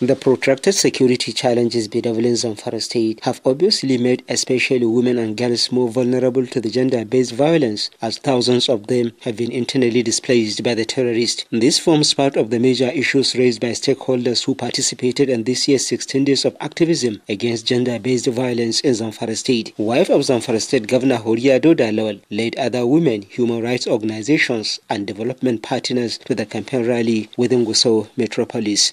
The protracted security challenges bedeviling Zamfara state have obviously made especially women and girls more vulnerable to the gender-based violence as thousands of them have been internally displaced by the terrorists. This forms part of the major issues raised by stakeholders who participated in this year's 16 days of activism against gender-based violence in Zamfara state. Wife of Zamfara state Governor Horia Doda led other women, human rights organizations and development partners to the campaign rally within Gusau metropolis.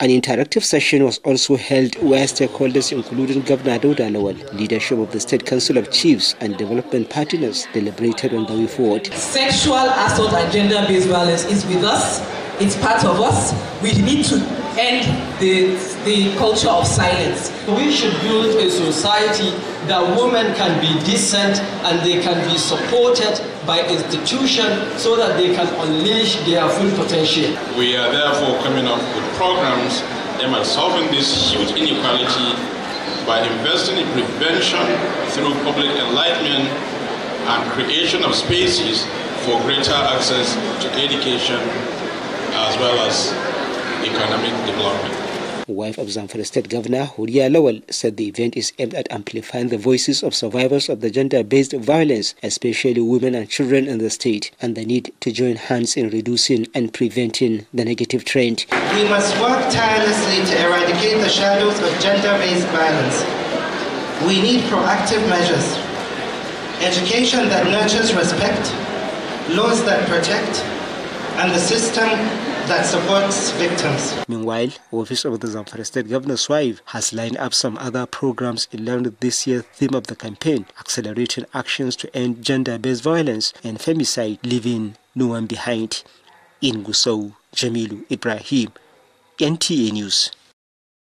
An interactive session was also held where stakeholders including Governor Dauda leadership of the State Council of Chiefs and development partners deliberated on the way forward. Sexual assault and gender-based violence is with us, it's part of us. We need to end the, the culture of silence. We should build a society that women can be decent and they can be supported by institutions so that they can unleash their full potential. We are therefore coming up with programs aimed at solving this huge inequality by investing in prevention through public enlightenment and creation of spaces for greater access to education as well as economic development. Wife of Zamfara State Governor Huria Lawal said the event is aimed at amplifying the voices of survivors of the gender-based violence, especially women and children in the state, and the need to join hands in reducing and preventing the negative trend. We must work tirelessly to eradicate the shadows of gender-based violence. We need proactive measures, education that nurtures respect, laws that protect, and the system that supports victims. Meanwhile, Office of the Zamfara State Governor's wife has lined up some other programs in line with this year's theme of the campaign, accelerating actions to end gender-based violence and femicide, leaving no one behind. In Gusau, Jamilu Ibrahim, NTA News.